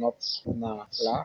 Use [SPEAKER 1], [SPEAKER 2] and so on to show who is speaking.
[SPEAKER 1] noc na la